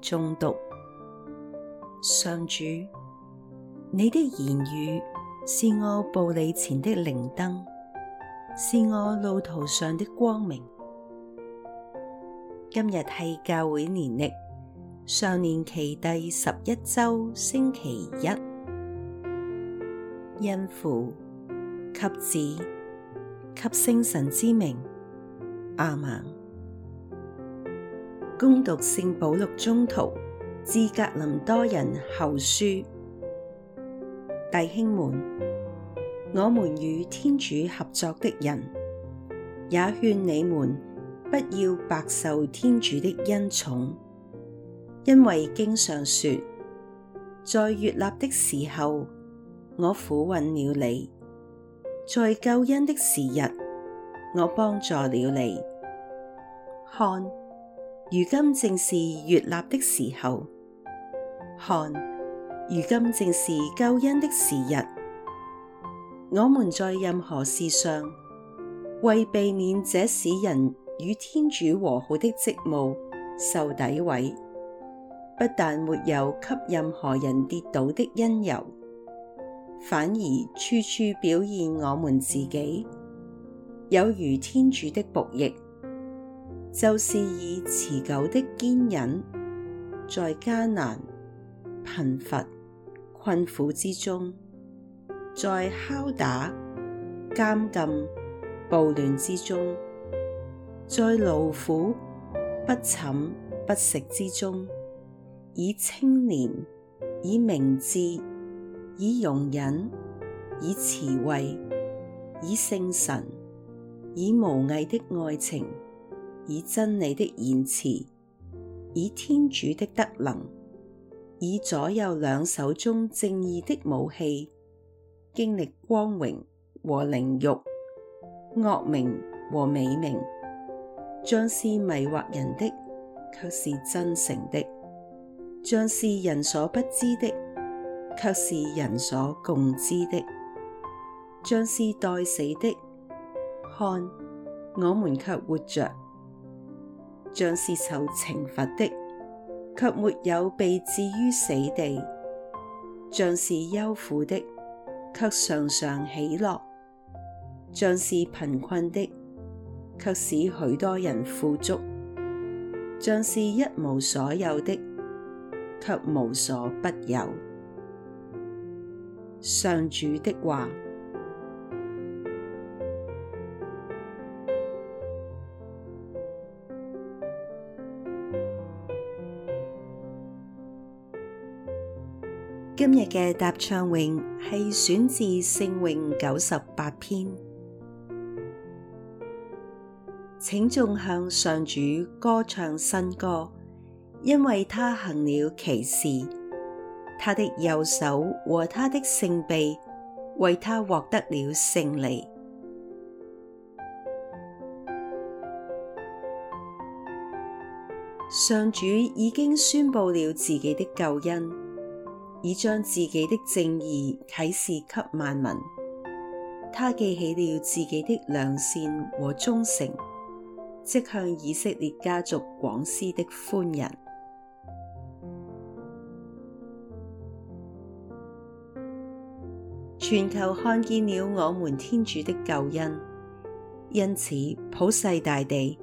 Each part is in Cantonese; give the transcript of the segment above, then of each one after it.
誦讀上主，你的言語是我步履前的靈燈，是我路途上的光明。今日係教會年曆常年期第十一周星期一，因父，及子，及聖神之名，阿門。恭讀聖保祿宗徒，致格林多人後書，弟兄們，我們與天主合作的人，也勸你們不要白受天主的恩寵，因為經上說，在悅納的時候我俯允了你，在救恩的時日我幫助了你，看！如今正是悅納的時候，看，如今正是救恩的時日。我們在任何事上，為避免這使人與天主和好的職務受詆毀，不但沒有給任何人跌倒的因由，反而處處表現我們自己有如天主的僕役。就是以持久的堅忍，在艱難、貧乏、困苦之中，在拷打、監禁、暴亂之中，在勞苦、不寢不食之中，以清廉、以明智、以容忍、以慈惠、以聖神、以無偽的愛情。以真理的言辭，以天主的德能，以左右兩手中正義的武器，經歷光榮和凌辱、惡名和美名。像是迷惑人的，卻是真誠的；像是人所不知的，卻是人所共知的；像是待死的，看我們卻活着。像是受懲罰的，卻沒有被置於死地；像是憂苦的，卻常常喜樂；像是貧困的，卻使許多人富足；像是一無所有的，卻無所不有。上主的話。今日嘅答唱詠，係選自聖詠九十八篇，請眾向上主歌唱新歌，因為他行了奇事，他的右手和他的聖臂，為他獲得了勝利。上主已經宣佈了自己的救恩。已將自己的正義啟示給萬民，他記起了自己的良善和忠誠，即向以色列家族廣施的寬仁，全球看見了我們天主的救恩，因此普世大地，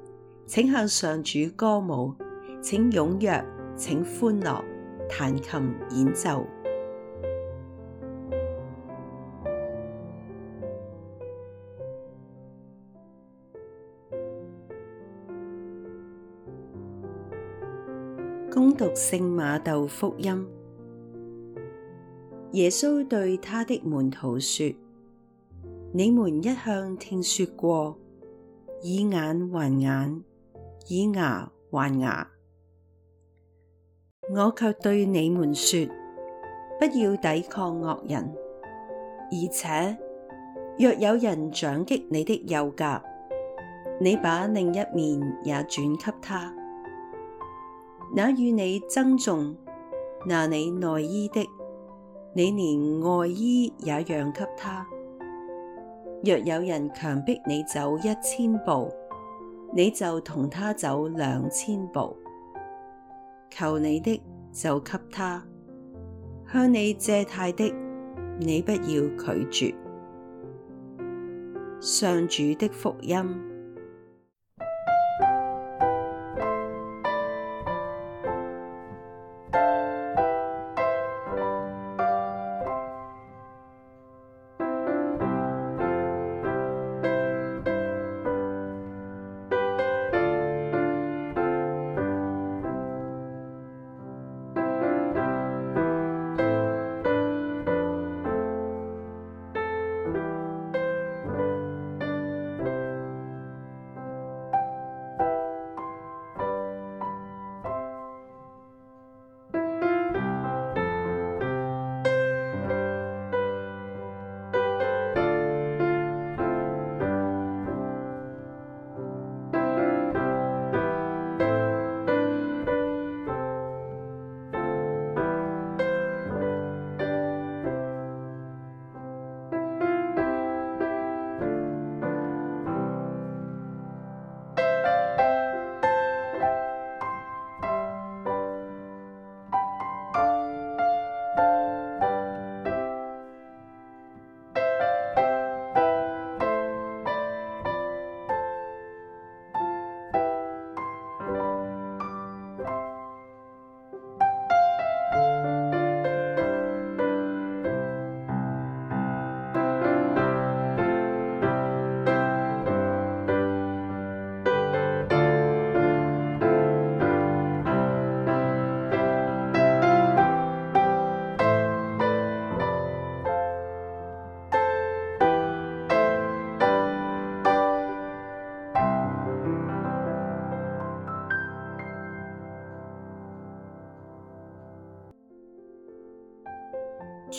請向上主歌舞，請踴躍，請歡樂，彈琴演奏。恭讀聖馬竇福音，耶穌對他的門徒說：你們一向聽說過以眼還眼，以牙還牙。我却對你們說，不要抵抗惡人。而且，若有人掌擊你的右頰，你把另一面也轉給他。那與你爭訟，拿你內衣的，你連外衣也讓給他。若有人強迫你走一千步，你就同他走兩千步。求你的就給他，向你借貸的，你不要拒絕。上主的福音。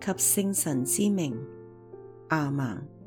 及聖神之名，阿們。